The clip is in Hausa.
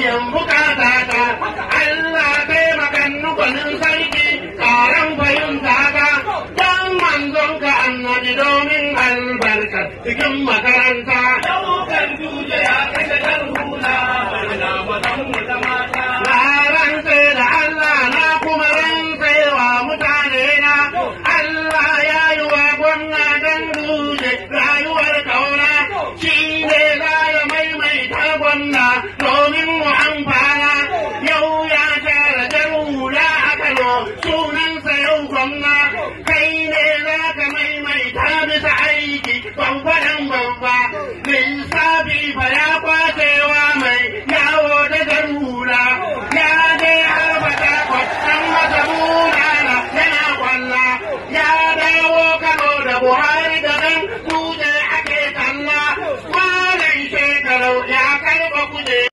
biyan bukata ta Allah taimakan nukunin sarki taron fahimta ka don manzon ka annabi domin albarka cikin makaranta daukan duje ya kashe dan hula na mazan mu da mata na rantse da Allah na kuma rantse wa mutane na Allah ya yi wa gwamna don duje rayuwar kauna shi ne za ya maimaita gwamna domin sunansa yau gwamna kai ne za ka maimaita bisa aiki gwangwanan gwangwa lissafi ba ya wa mai yawo da garura ya dai harba ta kwatan masa bulala yana kwalla ya dawo kano da buhari da zan